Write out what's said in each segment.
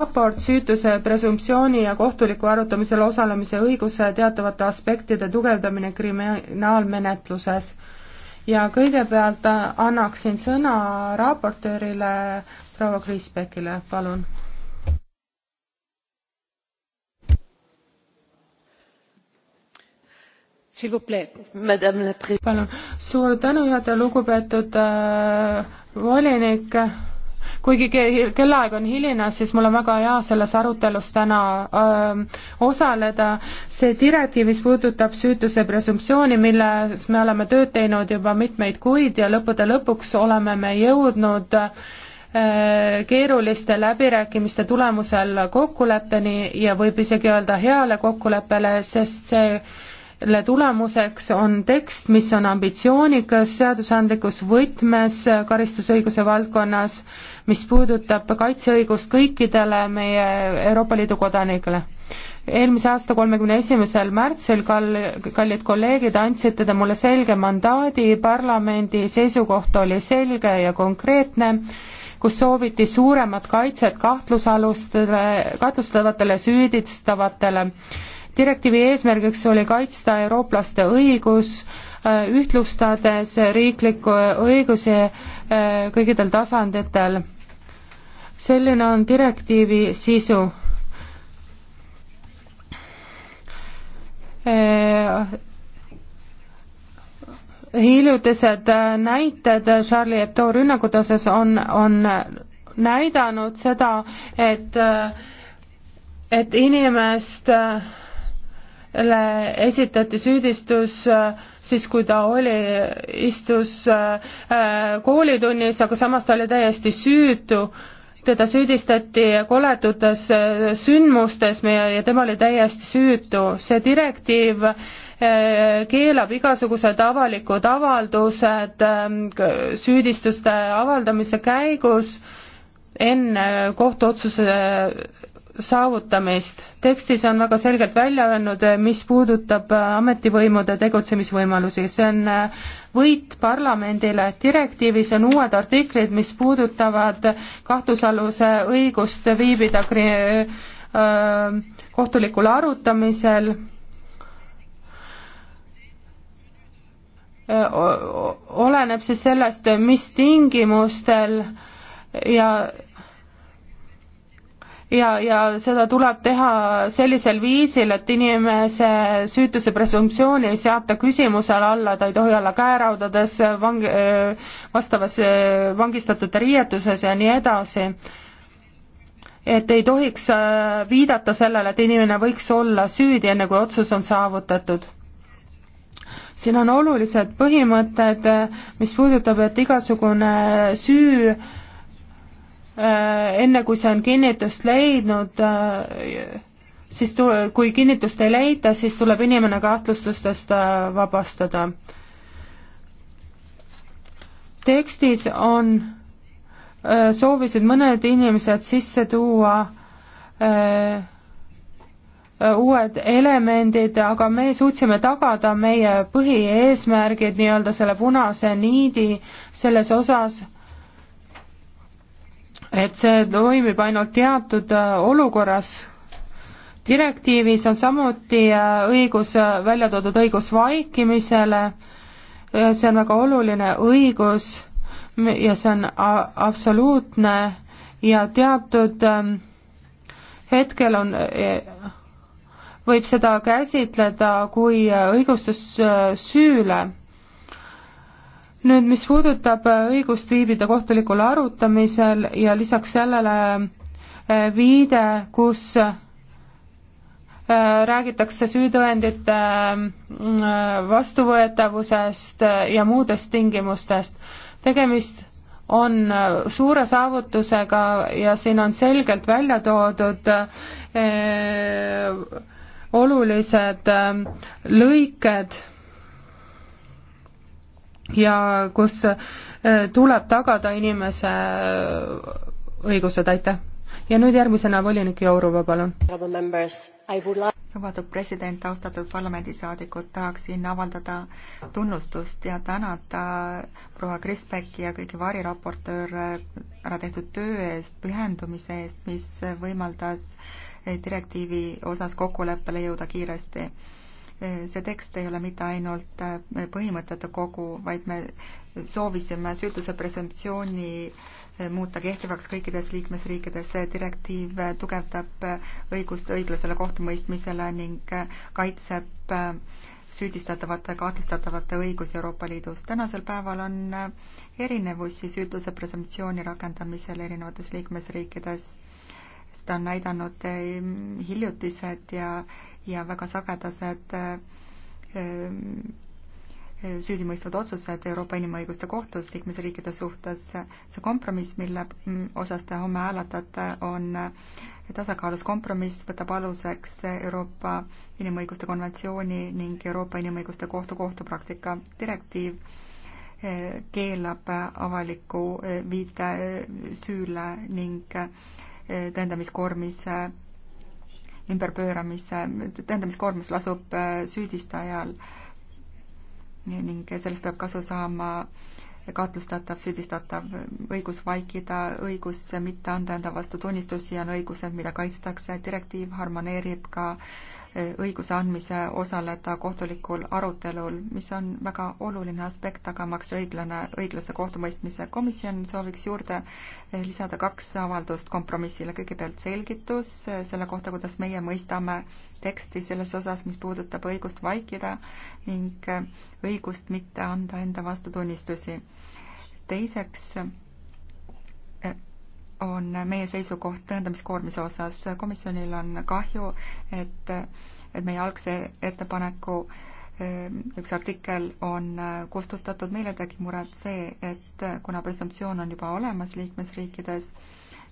raport süütuse presumptsiooni ja kohtuliku arutamisel osalemise õiguse teatavate aspektide tugevdamine kriminaalmenetluses. ja kõigepealt äh, annaksin sõna raportöörile proua Kriisbekile, palun. palun, suur tänu juhataja, lugupeetud äh, volinik kuigi kellaaeg on hiline, siis mul on väga hea selles arutelus täna öö, ähm, osaleda. see direktiiv, mis puudutab süütuse presumptsiooni, milles me oleme tööd teinud juba mitmeid kuid ja lõppude lõpuks oleme me jõudnud äh, keeruliste läbirääkimiste tulemusel kokkuleppeni ja võib isegi öelda heale kokkuleppele, sest see mille tulemuseks on tekst, mis on ambitsioonikas seadusandlikus võtmes äh, karistusõiguse valdkonnas, mis puudutab kaitseõigust kõikidele meie Euroopa Liidu kodanikele. eelmise aasta kolmekümne esimesel märtsil, kall-, kallid kolleegid, andsite te mulle selge mandaadi, parlamendi seisukoht oli selge ja konkreetne, kus sooviti suuremat kaitset kahtlusalustele, kahtlustatavatele, süüdistavatele direktiivi eesmärgiks oli kaitsta eurooplaste õigus, äh, ühtlustades riikliku õiguse äh, kõikidel tasanditel. selline on direktiivi sisu. Äh, hiljutised näited Charlie Hebdo rünnakute osas on, on näidanud seda, et, et inimest äh, talle esitati süüdistus äh, siis, kui ta oli, istus äh, äh, koolitunnis, aga samas ta oli täiesti süütu. teda süüdistati koledutes sündmustes ja tema oli täiesti süütu. see direktiiv keelab igasugused avalikud avaldused süüdistuste avaldamise käigus enne kohtuotsuse saavutamist. tekstis on väga selgelt välja öelnud, eh, mis puudutab eh, ametivõimude tegutsemisvõimalusi, see on eh, võit parlamendile, direktiivis on uued artiklid, mis puudutavad kahtlusaluse õigust viibida kri-, kohtulikul arutamisel, oleneb siis sellest, mis tingimustel ja ja, ja seda tuleb teha sellisel viisil, et inimese süütuse presumptsiooni ei seata küsimusele alla, ta ei tohi olla käeraudades, vang-, vastavas vangistatute riietuses ja nii edasi. et ei tohiks äh, viidata sellele, et inimene võiks olla süüdi, enne kui otsus on saavutatud siin on olulised põhimõtted, mis puudutab, et igasugune süü Äh, enne kui see on kinnitust leidnud, äh, siis tu-, kui kinnitust ei leita, siis tuleb inimene kahtlustustest äh, vabastada. tekstis on, soovisid mõned inimesed sisse tuua öö, uued elemendid, aga me suutsime tagada meie põhieesmärgid, nii-öelda selle punase niidi selles osas et see toimib ainult teatud äh, olukorras. direktiivis on samuti äh, õigus, äh, välja toodud õigus vaikimisele, see on väga oluline õigus ja see on absoluutne ja teatud ähm, hetkel on, võib seda käsitleda kui õigustus süüle nüüd, mis puudutab äh, õigust viibida kohtulikul arutamisel ja lisaks sellele äh, viide, kus äh, räägitakse süütõendite mm, vastuvõetavusest ja muudest tingimustest. tegemist on suure saavutusega ja siin on selgelt välja toodud olulised lõiked ja kus äh, tuleb tagada inimese äh, õigused, aitäh. ja nüüd järgmisena volinik Jourova, palun. lugupeetud president, austatud parlamendisaadikud, tahaksin avaldada tunnustust ja tänada proua Krispeki ja kõiki variraportööre ära tehtud töö eest, pühendumise eest, mis võimaldas eh, direktiivi osas kokkuleppele jõuda kiiresti see tekst ei ole mitte ainult äh, põhimõtete kogu, vaid me soovisime süütuse presumptsiooni äh, muuta kehtivaks kõikides liikmesriikides. see direktiiv tugevdab äh, õigust õiglasele kohtumõistmisele ning kaitseb süüdistatavate, kahtlustatavate õigus Euroopa Liidus. tänasel päeval on erinevusi süütuse presumptsiooni rakendamisel erinevates liikmesriikides seda on näidanud ehm, hiljutised ja, ja väga sagedased ehm, ehm, süüdimõistvad otsused Euroopa Inimõiguste Kohtus liikmesriikide suhtes. see kompromiss, mille mm, osas te homme hääletate, on tasakaalus kompromiss, võtab aluseks Euroopa Inimõiguste Konventsiooni ning Euroopa Inimõiguste Kohtu kohtupraktika direktiiv eh, keelab avaliku eh, viite eh, süüle ning tõendamiskoormise äh, ümberpööramise, tõendamiskoormus lasub äh, süüdistajal ning sellest peab kasu saama kahtlustatav, süüdistatav, õigus vaikida, õigus mitte anda enda vastu tunnistusi on õigused, mida kaitstakse, direktiiv harmoneerib ka äh, õiguse andmise osaleda kohtulikul arutelul, mis on väga oluline aspekt, tagamaks õiglane, õiglase kohtumõistmise. komisjon sooviks juurde lisada kaks avaldust kompromissile. kõigepealt selgitus selle kohta, kuidas meie mõistame teksti selles osas, mis puudutab õigust vaikida ning õigust mitte anda enda vastutunnistusi. teiseks on meie seisukoht tõendamiskoormise osas. komisjonil on kahju, et, et meie algse ettepaneku eh, üks artikkel on eh, kustutatud, meile tegi muret see, et kuna presumptsioon on juba olemas liikmesriikides,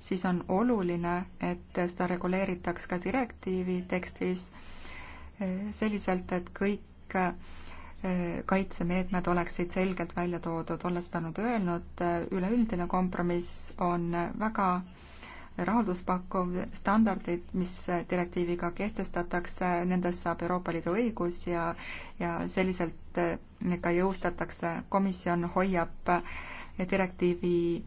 siis on oluline, et seda reguleeritaks ka direktiivi tekstis eh, selliselt, et kõik kaitsemeetmed oleksid selgelt välja toodud, olles seda nüüd öelnud, üleüldine kompromiss on väga rahulduspakkuv standardid, mis direktiiviga kehtestatakse, nendest saab Euroopa Liidu õigus ja, ja selliselt ka jõustatakse. komisjon hoiab direktiivi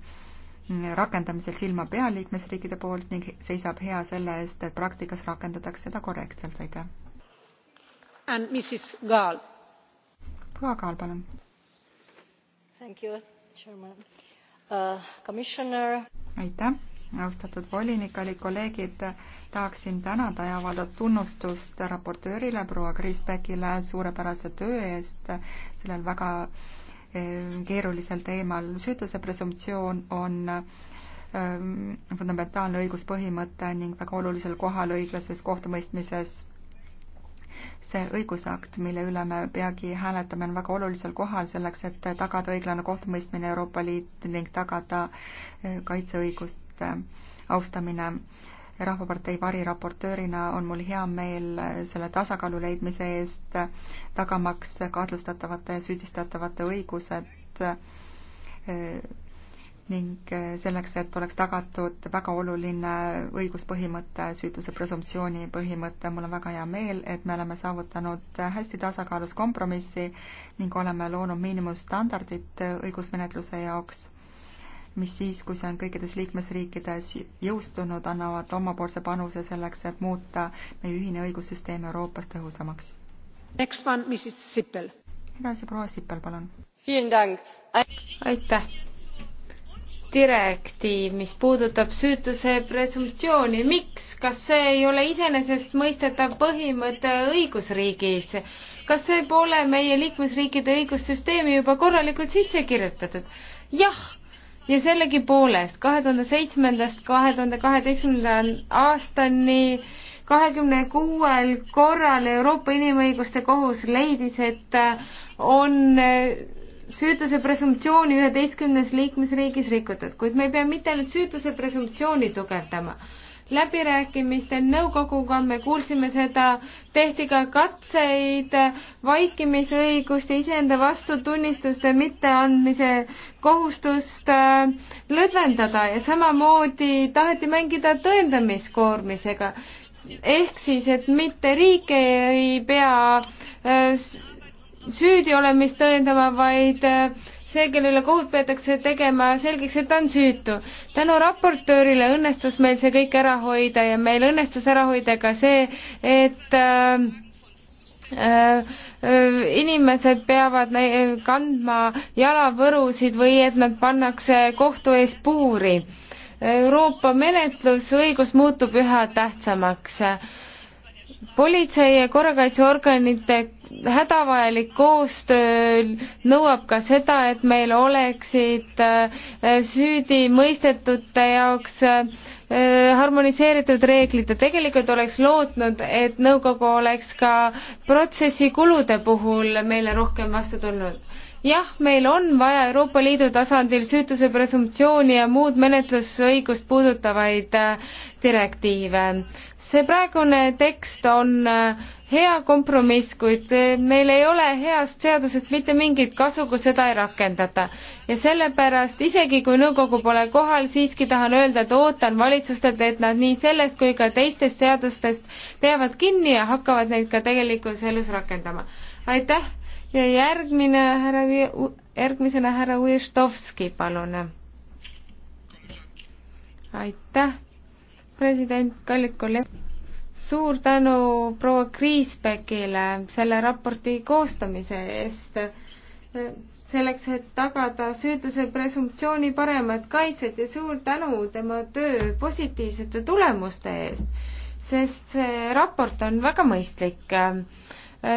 rakendamisel silma peal liikmesriikide poolt ning seisab hea selle eest, et praktikas rakendatakse seda korrektselt, aitäh. And Mrs Gaal proua Kaal, palun. Uh, aitäh, austatud volinik, kallid kolleegid, tahaksin tänada ja avaldada tunnustust raportöörile proua Kriisbekile suurepärase töö eest sellel väga eh, keerulisel teemal. süütuse presumptsioon on eh, fundamentaalne õiguspõhimõte ning väga olulisel kohal õiglases kohtumõistmises see õigusakt, mille üle me peagi hääletame, on väga olulisel kohal selleks, et tagada õiglane kohtumõistmine Euroopa Liit ning tagada eh, kaitseõiguste austamine. rahvapartei variraportöörina on mul hea meel eh, selle tasakaalu leidmise eest, tagamaks kahtlustatavate ja süüdistatavate õigused eh, ning äh, selleks, et oleks tagatud väga oluline õiguspõhimõte, süütuse presumptsiooni põhimõte, mul on väga hea meel, et me oleme saavutanud hästi tasakaalus kompromissi ning oleme loonud miinimumstandardid õigusmenetluse jaoks, mis siis, kui see on kõikides liikmesriikides jõustunud, annavad omapoolse panuse selleks, et muuta meie ühine õigussüsteem Euroopas tõhusamaks. edasi proua Sippel, palun. aitäh direktiiv, mis puudutab süütuse presumptsiooni, miks, kas see ei ole iseenesestmõistetav põhimõte õigusriigis? kas see pole meie liikmesriikide õigussüsteemi juba korralikult sisse kirjutatud? jah, ja sellegipoolest kahe tuhande seitsmendast kahe tuhande kaheteistkümnenda aastani kahekümne kuuel korral Euroopa Inimõiguste Kohus leidis, et on süütuse presumptsiooni üheteistkümnes liikmesriigis rikutud, kuid me ei pea mitte ainult süütuse presumptsiooni tugevdama. läbirääkimistel nõukoguga me kuulsime seda, tehti ka katseid vaikimisõigust ja iseenda vastutunnistuste mitteandmise kohustust äh, lõdvendada ja samamoodi taheti mängida tõendamiskoormisega ehk siis, et mitte riik ei pea äh, süüdi olemist tõendama, vaid äh, see, kellele kohut peetakse tegema selgeks, et ta on süütu. tänu raportöörile õnnestus meil see kõik ära hoida ja meil õnnestus ära hoida ka see, et äh, äh, äh inimesed peavad kandma jalavõrusid või et nad pannakse kohtu ees puuri. Euroopa menetlusõigus muutub üha tähtsamaks politsei ja korrakaitseorganite hädavajalik koostöö nõuab ka seda, et meil oleksid äh, süüdi mõistetute jaoks äh, harmoniseeritud reeglid ja tegelikult oleks lootnud, et nõukogu oleks ka protsessi kulude puhul meile rohkem vastu tulnud jah, meil on vaja Euroopa Liidu tasandil süütuse presumptsiooni ja muud menetlusõigust puudutavaid äh, direktiive see praegune tekst on äh, hea kompromiss, kuid äh, meil ei ole heast seadusest mitte mingit kasu, kui seda ei rakendata. ja sellepärast, isegi kui nõukogu pole kohal, siiski tahan öelda, et ootan valitsustelt, et nad nii sellest kui ka teistest seadustest peavad kinni ja hakkavad neid ka tegelikus elus rakendama. aitäh ja järgmine härra, järgmisena härra Ujestovski, palun. aitäh president, kallid kolleegid, suur tänu proua Kriisbekile selle raporti koostamise eest, selleks, et tagada süütuse presumptsiooni paremat kaitset ja suur tänu tema töö positiivsete tulemuste eest, sest see raport on väga mõistlik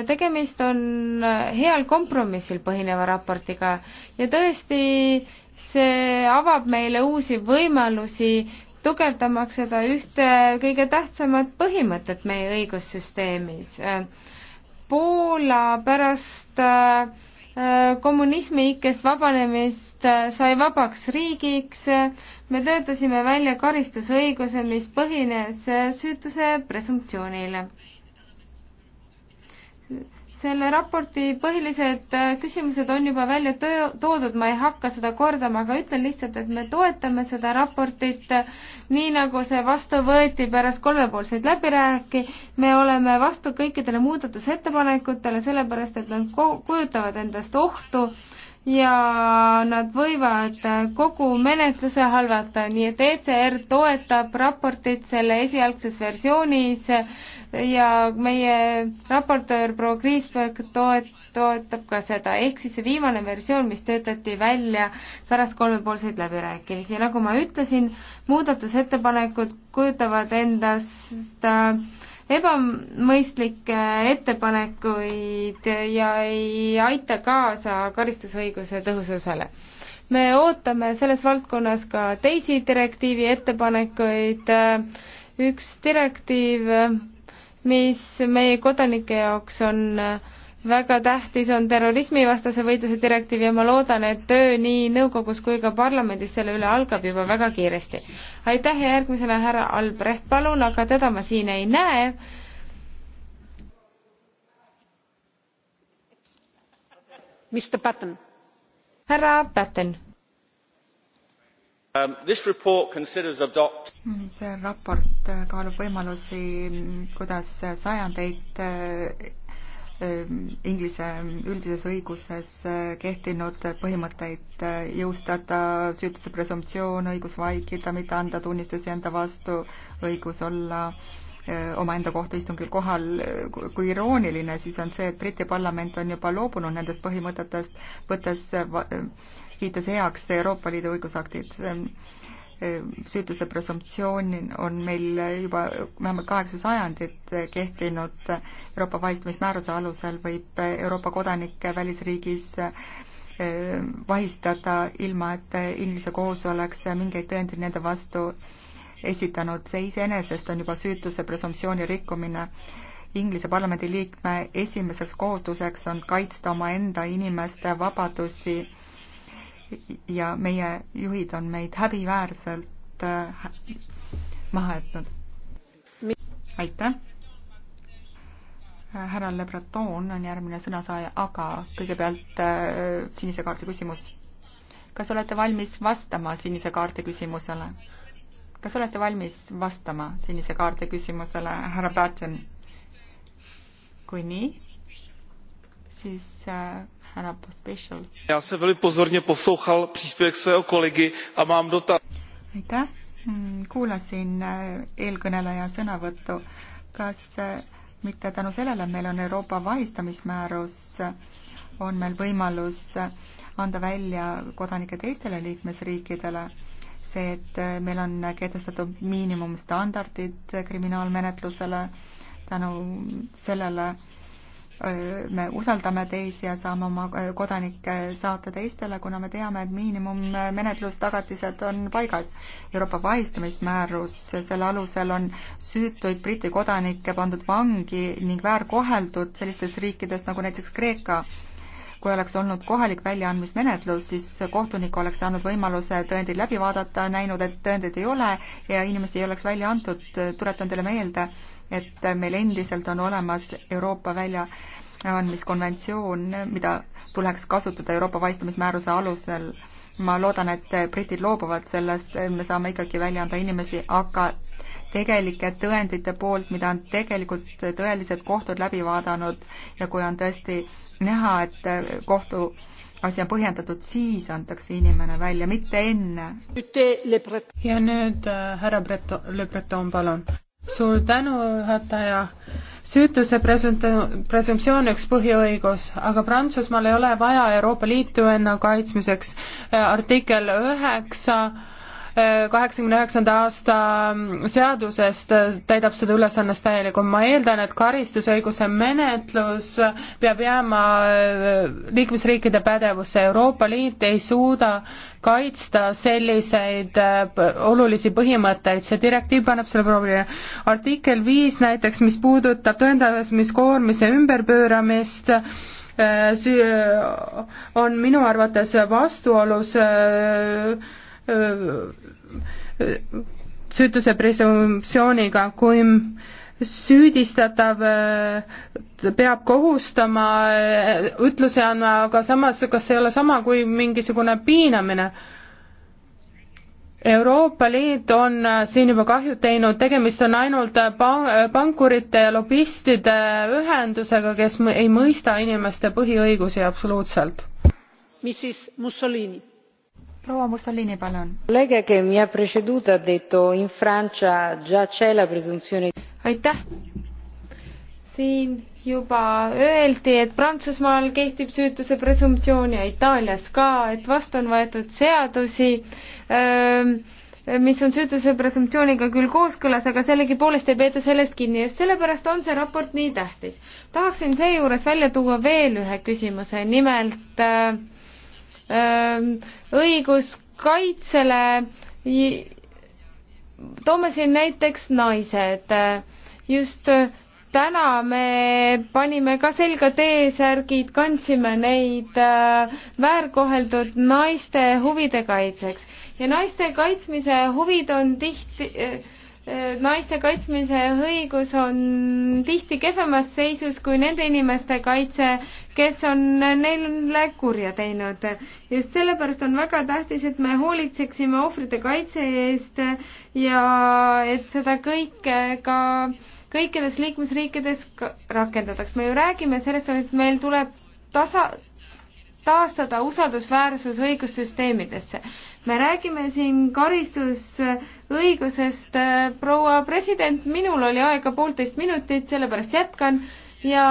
tegemist on heal kompromissil põhineva raportiga ja tõesti, see avab meile uusi võimalusi tugevdamaks seda ühte kõige tähtsamat põhimõtet meie õigussüsteemis. Poola pärast äh, kommunismi ikkest vabanemist äh, sai vabaks riigiks. me töötasime välja karistusõiguse, mis põhines süütuse presumptsioonile selle raporti põhilised äh, küsimused on juba välja töö, toodud, ma ei hakka seda kordama, aga ütlen lihtsalt, et me toetame seda raportit nii, nagu see vastu võeti pärast kolmepoolseid läbirääki. me oleme vastu kõikidele muudatusettepanekutele, sellepärast et nad kujutavad endast ohtu ja nad võivad äh, kogu menetluse halvata, nii et ECR toetab raportit selle esialgses versioonis ja meie raportöör proua Kriisberg toet-, toetab ka seda, ehk siis see viimane versioon, mis töötati välja pärast kolmepoolseid läbirääkimisi ja nagu ma ütlesin, muudatusettepanekud kujutavad endast äh, ebamõistlikke ettepanekuid ja ei aita kaasa karistusõiguse tõhususele me ootame selles valdkonnas ka teisi direktiivi ettepanekuid. üks direktiiv mis meie kodanike jaoks on väga tähtis, on terrorismivastase võitluse direktiiv ja ma loodan, et töö nii nõukogus kui ka parlamendis selle üle algab juba väga kiiresti. aitäh ja järgmisena härra Albrecht, palun, aga teda ma siin ei näe. härra Patten Um, this report considers adopt- hmm, see raport äh, kaalub võimalusi, mm, kuidas sajandeid äh, ähm, Inglise mm, üldises õiguses äh, kehtinud põhimõtteid jõustada, süütuse presumptsioon, õigus vaikida, mitte anda tunnistusi enda vastu, õigus olla omaenda kohta istungil kohal, kui irooniline siis on see, et Briti parlament on juba loobunud nendest põhimõtetest, võttes kiites heaks Euroopa Liidu õigusaktid. Ehm, ehm, süütuse presumptsioon on meil juba vähemalt kaheksa sajandit kehtinud Euroopa vahistamismääruse alusel võib Euroopa kodanikke välisriigis ehm, vahistada, ilma et Inglise kohus oleks mingeid tõendeid nende vastu esitanud. see iseenesest on juba süütuse presumptsiooni rikkumine. Inglise parlamendi liikme esimeseks kohustuseks on kaitsta omaenda inimeste vabadusi ja meie juhid on meid häbiväärselt äh, maha jätnud. aitäh! Äh, härra Le Breton on järgmine sõnasaaja, aga kõigepealt äh, sinise kaardi küsimus. kas olete valmis vastama sinise kaardi küsimusele? kas olete valmis vastama sinise kaardi küsimusele, härra Patten? kui nii, siis äh, härra Pospešil. ja see oli pozorne posluhal prispevk sveo kolleegi ja ma am dota-. aitäh, mm, kuulasin äh, eelkõneleja sõnavõttu. kas äh, mitte tänu sellele, et meil on Euroopa vahistamismäärus, äh, on meil võimalus anda välja kodanike teistele liikmesriikidele see, et meil on kehtestatud miinimumstandardid kriminaalmenetlusele, tänu sellele Äh, me usaldame teisi ja saame oma äh, kodanikke saata teistele, kuna me teame, et miinimummenetlustagatised on paigas. Euroopa vahistamismäärus, selle alusel on süütuid Briti kodanikke pandud vangi ning väärkoheldud sellistes riikides nagu näiteks Kreeka. kui oleks olnud kohalik väljaandmismenetlus, siis kohtunik oleks saanud võimaluse tõendid läbi vaadata, näinud, et tõendeid ei ole ja inimesi ei oleks välja antud, tuletan teile meelde et meil endiselt on olemas Euroopa väljaandmiskonventsioon, mida tuleks kasutada Euroopa vaistamismääruse alusel. ma loodan, et britid loobuvad sellest, me saame ikkagi välja anda inimesi, aga tegelike tõendite poolt, mida on tegelikult tõelised kohtud läbi vaadanud ja kui on tõesti näha, et kohtu asi on põhjendatud, siis antakse inimene välja, mitte enne. ja nüüd äh, härra Breton, Le Breton, palun suur tänu, juhataja. süütuse presumpt-, presumptsioon on üks põhiõigus, aga Prantsusmaal ei ole vaja Euroopa Liitu enne kaitsmiseks. artikkel üheksa 9 kaheksakümne üheksanda aasta seadusest täidab seda ülesannet täielikult. ma eeldan, et karistusõiguse menetlus peab jääma äh, liikmesriikide pädevusse. Euroopa Liit ei suuda kaitsta selliseid äh, olulisi põhimõtteid. see direktiiv paneb selle probleemi. artikkel viis näiteks, mis puudutab tõendamiskoormise ümberpööramist, äh, on minu arvates vastuolus süütuse presumptsiooniga, kui süüdistatav äh, peab kohustama äh, ütlusi andma, aga samas, kas see ei ole sama kui mingisugune piinamine? Euroopa Liit on äh, siin juba kahju teinud, tegemist on ainult pankurite ja lobistide ühendusega, kes ei mõista inimeste põhiõigusi absoluutselt. Mrs Mussolini proua Mussolini, palun. aitäh. siin juba öeldi, et Prantsusmaal kehtib süütuse presumptsioon ja Itaalias ka, et vastu on võetud seadusi öö, ähm, mis on süütuse presumptsiooniga küll kooskõlas, aga sellegipoolest ei peeta sellest kinni, just sellepärast on see raport nii tähtis. tahaksin seejuures välja tuua veel ühe küsimuse, nimelt äh, õiguskaitsele. toome siin näiteks naised. just täna me panime ka selga T-särgid, kandsime neid väärkoheldud naiste huvide kaitseks ja naiste kaitsmise huvid on tihti äh, naiste kaitsmise õigus on tihti kehvemas seisus kui nende inimeste kaitse, kes on neile kurja teinud. just sellepärast on väga tähtis, et me hoolitseksime ohvrite kaitse eest ja et seda kõike ka kõikides liikmesriikides rakendataks. me ju räägime sellest, et meil tuleb tasa, taastada usaldusväärsus õigussüsteemidesse. me räägime siin karistusõigusest, äh, proua president, minul oli aega poolteist minutit, sellepärast jätkan ja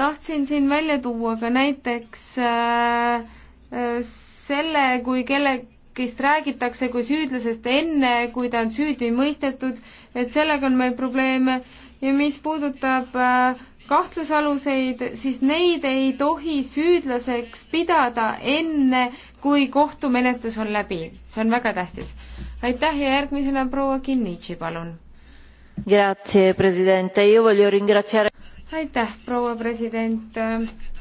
tahtsin siin välja tuua ka näiteks äh, äh, selle, kui kellegist räägitakse kui süüdlasest enne, kui ta on süüdi mõistetud, et sellega on meil probleeme ja mis puudutab äh, kahtlusaluseid, siis neid ei tohi süüdlaseks pidada enne, kui kohtumenetlus on läbi. see on väga tähtis. aitäh ja järgmisena proua Kinnitši, palun. Grazie, president. Io voglio ringraziare aitäh, proua president.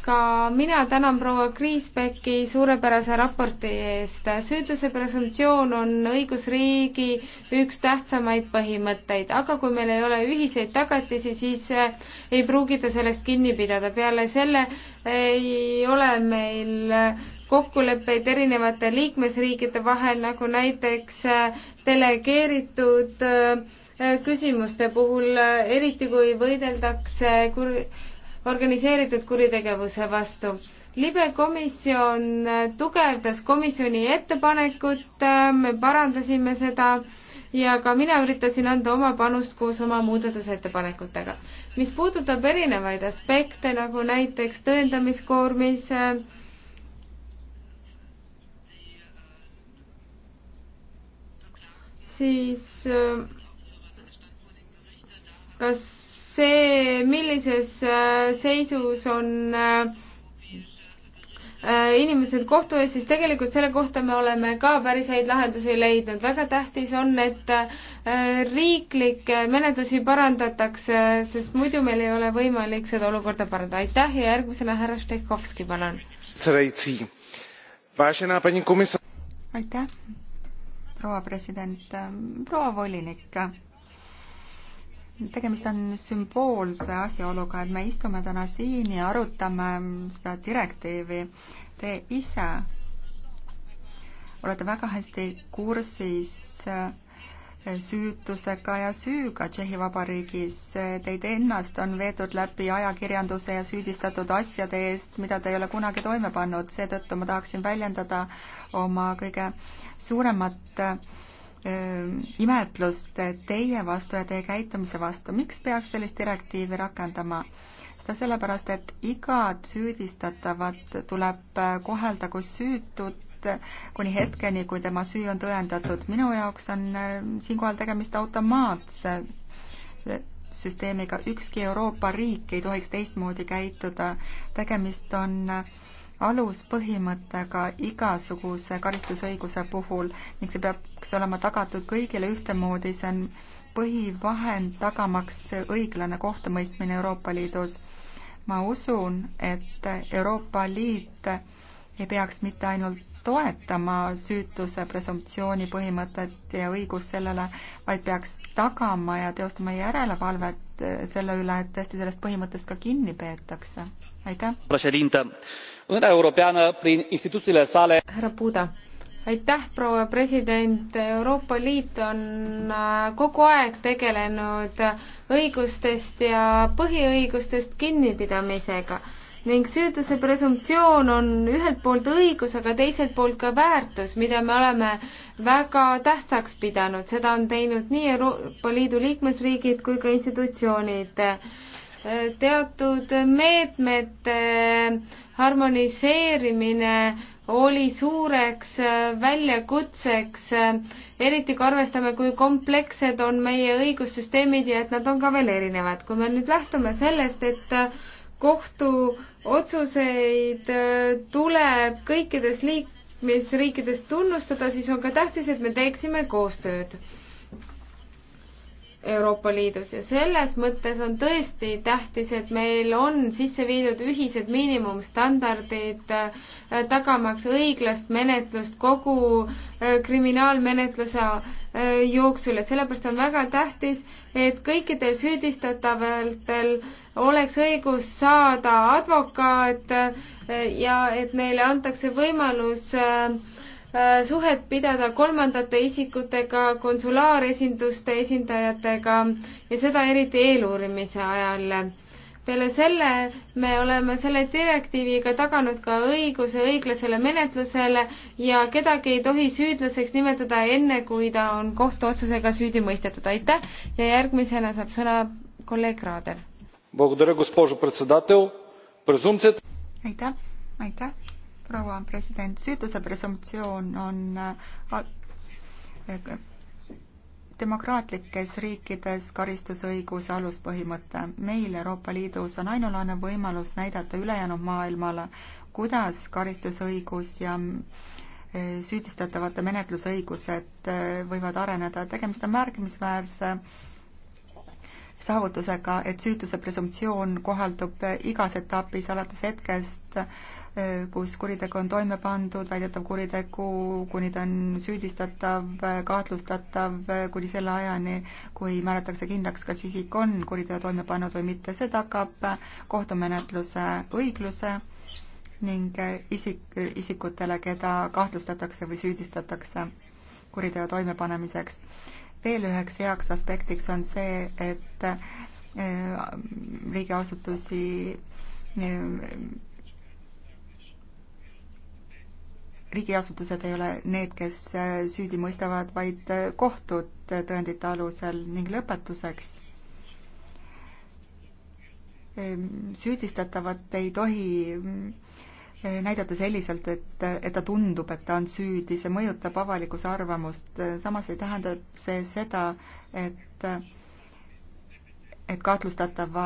ka mina tänan proua Kriisbecki suurepärase raporti eest. süütuse presumptsioon on õigusriigi üks tähtsamaid põhimõtteid, aga kui meil ei ole ühiseid tagatisi, siis eh, ei pruugi ta sellest kinni pidada. peale selle ei ole meil kokkuleppeid erinevate liikmesriikide vahel, nagu näiteks eh, delegeeritud äh, küsimuste puhul, eriti kui võideldakse kur-, organiseeritud kuritegevuse vastu. libe komisjon tugevdas komisjoni ettepanekut, me parandasime seda ja ka mina üritasin anda oma panust koos oma muudatusettepanekutega. mis puudutab erinevaid aspekte, nagu näiteks tõendamiskoormis, siis äh, kas see, millises äh, seisus on äh, äh, inimesed kohtu ees, siis tegelikult selle kohta me oleme ka päris häid lahendusi leidnud. väga tähtis on, et riiklikke menetlusi parandatakse, sest muidu meil ei ole võimalik seda olukorda parandada. aitäh ja järgmisena härra Štehhovski, palun. aitäh, proua president, proua volinik tegemist on sümboolse asjaoluga, et me istume täna siin ja arutame seda direktiivi. Te ise olete väga hästi kursis eh, süütusega ja süüga Tšehhi Vabariigis. Teid ennast on veetud läbi ajakirjanduse ja süüdistatud asjade eest, mida te ei ole kunagi toime pannud, seetõttu ma tahaksin väljendada oma kõige suuremat eh, imetlust teie vastu ja teie käitumise vastu. miks peaks sellist direktiivi rakendama? seda sellepärast, et igad süüdistatavat tuleb kohelda kui süütut kuni hetkeni, kui tema süü on tõendatud. minu jaoks on siinkohal tegemist automaatse süsteemiga, ükski Euroopa riik ei tohiks teistmoodi käituda. tegemist on aluspõhimõttega igasuguse karistusõiguse puhul ning see peaks olema tagatud kõigile ühtemoodi, see on põhivahend tagamaks õiglane kohtumõistmine Euroopa Liidus. ma usun, et Euroopa Liit ei peaks mitte ainult toetama süütuse presumptsiooni põhimõtet ja õigust sellele, vaid peaks tagama ja teostama järelevalvet selle üle, et tõesti sellest põhimõttest ka kinni peetakse. aitäh! härra Puda aitäh, proua president, Euroopa Liit on äh, kogu aeg tegelenud õigustest ja põhiõigustest kinnipidamisega ning süütuse presumptsioon on ühelt poolt õigus, aga teiselt poolt ka väärtus, mida me oleme väga tähtsaks pidanud, seda on teinud nii Euroopa Liidu liikmesriigid kui ka institutsioonid. teatud meetmete harmoniseerimine oli suureks väljakutseks, eriti kui arvestame, kui komplekssed on meie õigussüsteemid ja et nad on ka veel erinevad. kui me nüüd lähtume sellest, et kohtuotsuseid äh, tuleb kõikides liikmesriikides tunnustada, siis on ka tähtis, et me teeksime koostööd Euroopa Liidus ja selles mõttes on tõesti tähtis, et meil on sisse viidud ühised miinimumstandardid, äh, tagamaks õiglast menetlust kogu äh, kriminaalmenetluse äh, jooksul ja sellepärast on väga tähtis, et kõikidel süüdistatavatel oleks õigus saada advokaat ja et neile antakse võimalus äh, Äh, suhet pidada kolmandate isikutega, konsulaaresinduste esindajatega ja seda eriti eeluurimise ajal. peale selle me oleme selle direktiiviga taganud ka õiguse õiglasele menetlusele ja kedagi ei tohi süüdlaseks nimetada enne, kui ta on kohtuotsusega süüdi mõistetud. aitäh ja järgmisena saab sõna kolleeg Raadev. aitäh, aitäh proua president, süütuse presumptsioon on äh, demokraatlikes riikides karistusõiguse aluspõhimõte. meil Euroopa Liidus on ainulaadne võimalus näidata ülejäänud maailmale, kuidas karistusõigus ja äh, süüdistatavate menetlusõigused äh, võivad areneda. tegemist on märkimisväärse saavutusega, et süütuse presumptsioon kohaldub igas etapis alates hetkest, eh, kus kuritegu on toime pandud, väidetav kuritegu, kuni ta on süüdistatav, kahtlustatav, kuni selle ajani, kui määratakse kindlaks, kas isik on kuriteo toime pannud või mitte, see tagab kohtumenetluse õigluse ning isik, isikutele, keda kahtlustatakse või süüdistatakse kuriteo toimepanemiseks veel üheks heaks aspektiks on see, et äh, riigiasutusi äh, riigiasutused ei ole need, kes äh, süüdi mõistavad, vaid kohtud tõendite alusel ning lõpetuseks. süüdistatavat ei tohi Eh, näidata selliselt, et, et ta tundub, et ta on süüdi, see mõjutab avalikkuse arvamust, eh, samas ei tähenda see seda, et et kahtlustatava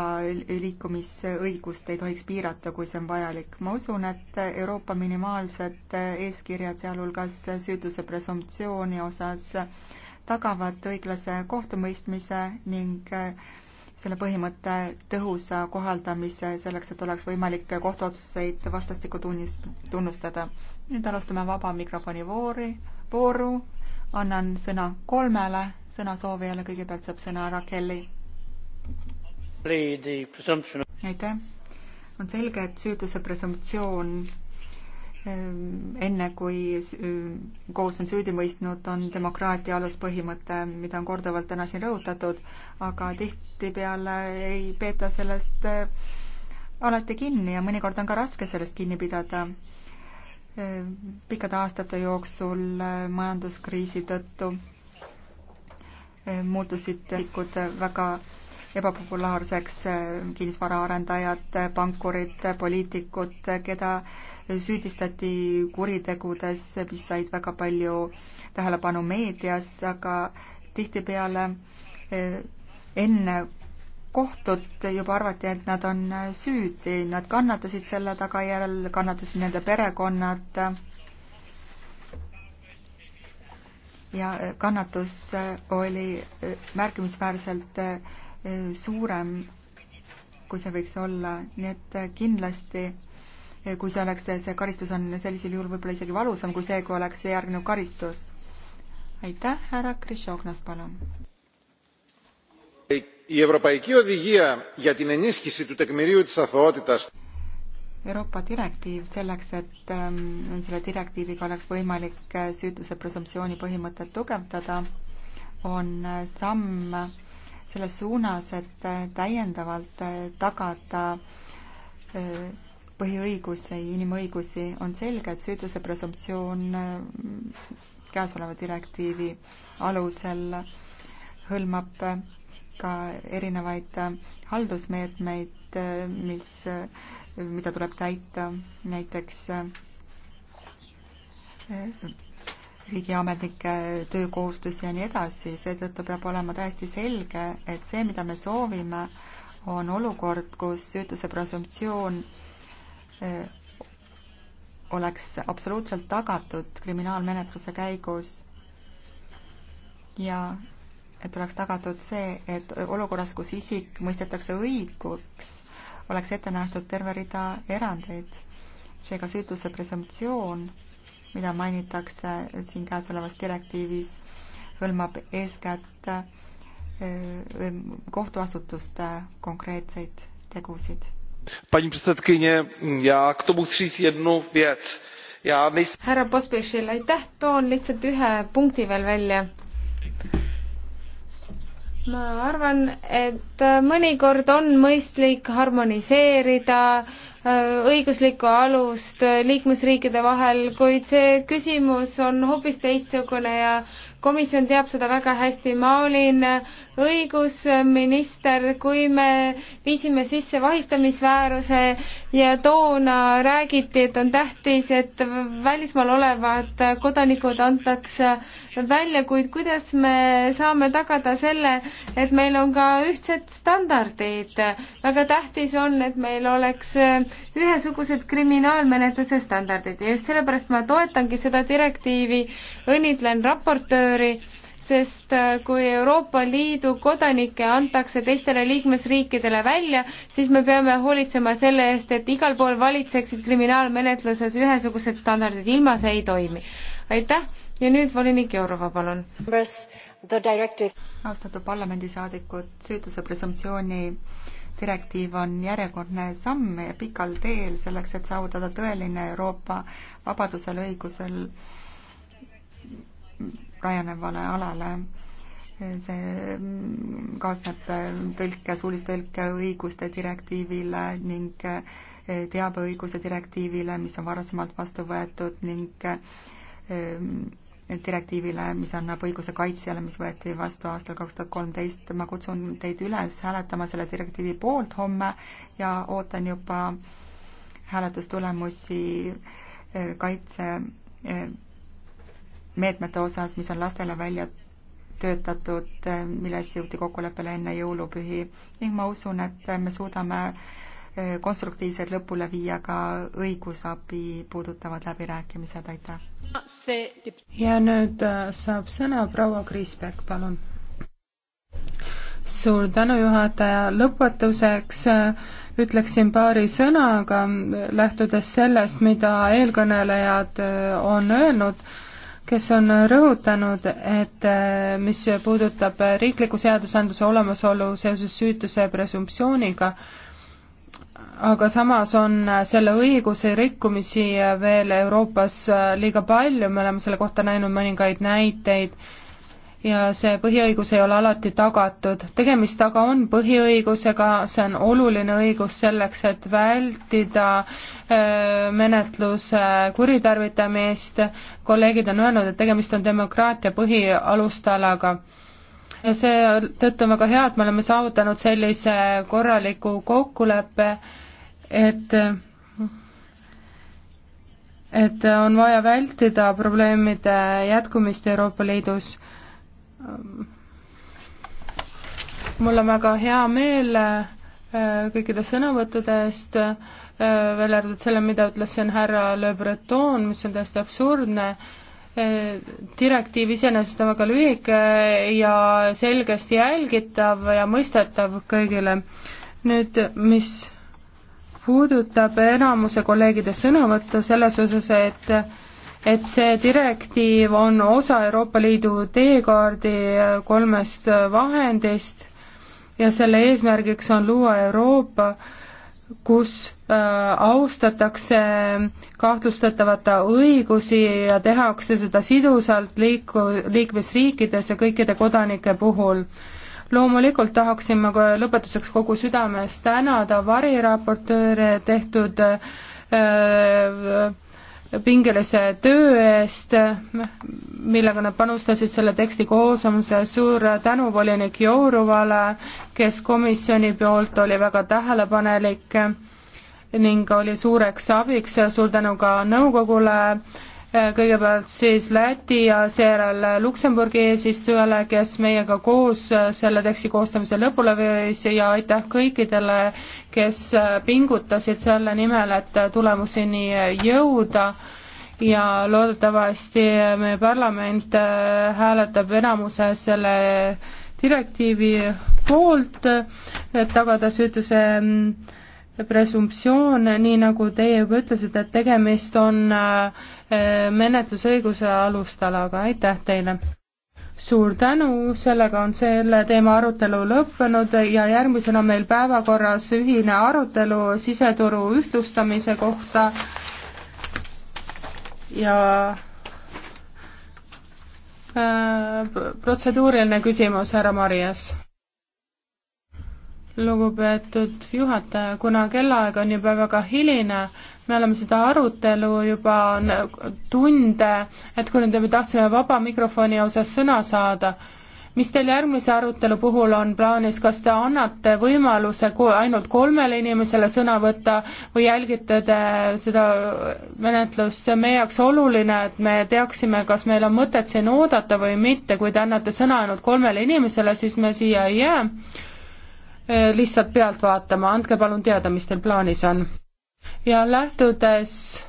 liikumisõigust ei tohiks piirata, kui see on vajalik. ma usun, et Euroopa minimaalsed eeskirjad, sealhulgas süütuse presumptsiooni osas, tagavad õiglase kohtumõistmise ning äh, selle põhimõtte tõhusa kohaldamise selleks, et oleks võimalik kohtuotsuseid vastastikku tunnist, tunnustada. nüüd alustame vaba mikrofoni voori, vooru. annan sõna kolmele sõnasoovijale, kõigepealt saab sõna Rakelli. aitäh. on selge, et süütuse presumptsioon Ehm, enne kui ehm, kohus on süüdi mõistnud, on demokraatia aluspõhimõte, mida on korduvalt täna siin rõhutatud, aga tihtipeale ei peeta sellest eh, alati kinni ja mõnikord on ka raske sellest kinni pidada. Ehm, pikkade aastate jooksul eh, majanduskriisi tõttu eh, muutusid isikud väga ebapopulaarseks, kinnisvaraarendajad, pankurid, poliitikud, keda süüdistati kuritegudes, mis said väga palju tähelepanu meedias, aga tihtipeale eh, enne kohtut juba arvati, et nad on süüdi, nad kannatasid selle tagajärjel, kannatasid nende perekonnad. ja kannatus oli eh, märkimisväärselt eh, suurem, kui see võiks olla, nii et kindlasti Eh, kui see oleks, see karistus on sellisel juhul võib-olla isegi valusam kui see, kui oleks järgnev karistus. aitäh, härra Krishognas, palun. Euroopa direktiiv selleks, et ähm, selle direktiiviga oleks võimalik äh, süütuse presumptsiooni põhimõtet tugevdada, on äh, samm selles suunas, et äh, täiendavalt tagada äh, põhiõigusi, inimõigusi, on selge, et süütuse presumptsioon äh, käesoleva direktiivi alusel hõlmab äh, ka erinevaid äh, haldusmeetmeid, mis, mida tuleb täita näiteks riigiametnike töökohustusi ja nii edasi, seetõttu peab olema täiesti selge, et see, mida me soovime, on olukord, kus süütuse presumptsioon Äh, oleks absoluutselt tagatud kriminaalmenetluse käigus ja et oleks tagatud see, et olukorras, kus isik mõistetakse õiguks, oleks ette nähtud terve rida erandeid. seega süütuse presumptsioon, mida mainitakse siin käesolevas direktiivis, hõlmab eeskätt äh, kohtuasutuste konkreetseid tegusid paní předsedkyně já k tomu chci říct jednu věc ja mis... härra Pospešil, aitäh, toon lihtsalt ühe punkti veel välja. ma arvan, et mõnikord on mõistlik harmoniseerida äh, õiguslikku alust liikmesriikide vahel, kuid see küsimus on hoopis teistsugune ja komisjon teab seda väga hästi, ma olin õigusminister, kui me viisime sisse vahistamisvääruse, ja toona räägiti, et on tähtis, et välismaal olevad kodanikud antakse välja, kuid kuidas me saame tagada selle, et meil on ka ühtsed standardid. väga tähtis on, et meil oleks ühesugused kriminaalmenetluse standardid ja just sellepärast ma toetangi seda direktiivi, õnnitlen raportööri sest äh, kui Euroopa Liidu kodanikke antakse teistele liikmesriikidele välja, siis me peame hoolitsema selle eest, et igal pool valitseksid kriminaalmenetluses ühesugused standardid, ilma see ei toimi. aitäh ja nüüd volinik Jourova, palun. austatud parlamendisaadikud, süütuse presumptsiooni direktiiv on järjekordne samm pikal teel selleks, et saavutada tõeline Euroopa vabadusel, õigusel rajanevale alale. see kaasneb tõlke, suulise tõlke õiguste direktiivile ning teabeõiguse direktiivile, mis on varasemalt vastu võetud ning ehm, direktiivile, mis annab õiguse kaitsjale, mis võeti vastu aastal kaks tuhat kolmteist. ma kutsun teid üles hääletama selle direktiivi poolt homme ja ootan juba hääletustulemusi eh, kaitse eh, meetmete osas, mis on lastele välja töötatud, äh, milles jõuti kokkuleppele enne jõulupühi ning ma usun, et me suudame äh, konstruktiivselt lõpule viia ka õigusabi puudutavad läbirääkimised, aitäh. ja nüüd äh, saab sõna proua Kriisberg, palun. suur tänu, juhataja, lõpetuseks ütleksin paari sõnaga, lähtudes sellest, mida eelkõnelejad on öelnud kes on rõhutanud, et äh, mis puudutab riikliku seadusandluse olemasolu seoses süütuse presumptsiooniga, aga samas on selle õiguse rikkumisi veel Euroopas äh, liiga palju, me oleme selle kohta näinud mõningaid näiteid, ja see põhiõigus ei ole alati tagatud. tegemist aga on põhiõigusega, see on oluline õigus selleks, et vältida äh, menetluse kuritarvitamist, kolleegid on öelnud, et tegemist on demokraatia põhialustalaga ja seetõttu on väga hea, et me oleme saavutanud sellise korraliku kokkuleppe, et et on vaja vältida probleemide jätkumist Euroopa Liidus. mul on väga hea meel Äh, kõikide sõnavõttude eest, äh, välja arvatud selle, mida ütles siin härra Le Breton, mis on täiesti absurdne, äh, direktiiv iseenesest on väga lühike ja selgesti jälgitav ja mõistetav kõigile. nüüd, mis puudutab enamuse kolleegide sõnavõttu selles osas, et et see direktiiv on osa Euroopa Liidu teekaardi kolmest vahendist ja selle eesmärgiks on luua Euroopa, kus äh, austatakse kahtlustatavate õigusi ja tehakse seda sidusalt liiku-, liikmesriikides ja kõikide kodanike puhul loomulikult tahaksin ma ka lõpetuseks kogu südamest tänada variraportööre tehtud öö, äh, pingelise töö eest, millega nad panustasid selle teksti koosamise, suur tänu volinik Jouruvale, kes komisjoni poolt oli väga tähelepanelik ning oli suureks abiks, suur tänu ka nõukogule, kõigepealt siis Läti ja seejärel Luksemburgi eesistujale, kes meiega koos selle teksti koostamise lõpule viis ja aitäh kõikidele, kes pingutasid selle nimel, et tulemuseni jõuda ja loodetavasti meie parlament hääletab enamuse selle direktiivi poolt, et tagada süütuse presumptsioon, nii nagu teie juba ütlesite, et tegemist on äh, Äh, menetlusõiguse alustalaga, aitäh teile! suur tänu, sellega on selle teema arutelu lõppenud ja järgmisena meil päevakorras ühine arutelu siseturu ühtlustamise kohta ja äh, protseduuriline küsimus, härra Marias. lugupeetud juhataja, kuna kellaaeg on juba väga hiline, me oleme seda arutelu juba tunde, et kui nüüd me tahtsime vaba mikrofoni osas sõna saada, mis teil järgmise arutelu puhul on plaanis, kas te annate võimaluse ainult kolmele inimesele sõna võtta või jälgite te seda menetlust, see on meie jaoks oluline, et me teaksime, kas meil on mõtet siin oodata või mitte, kui te annate sõna ainult kolmele inimesele, siis me siia ei jää lihtsalt pealt vaatama, andke palun teada, mis teil plaanis on ja lähtudes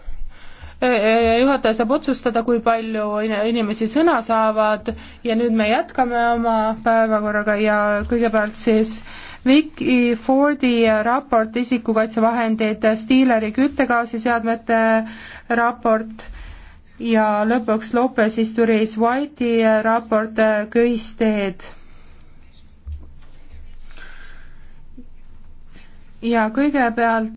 e, e, juhataja saab otsustada, kui palju inimesi sõna saavad ja nüüd me jätkame oma päevakorraga ja kõigepealt siis Vicky Fordi raport isikukaitsevahendid, Stiileri küttegaasiseadmete raport ja lõpuks Lopez Isturis White'i raport köisteed ja kõigepealt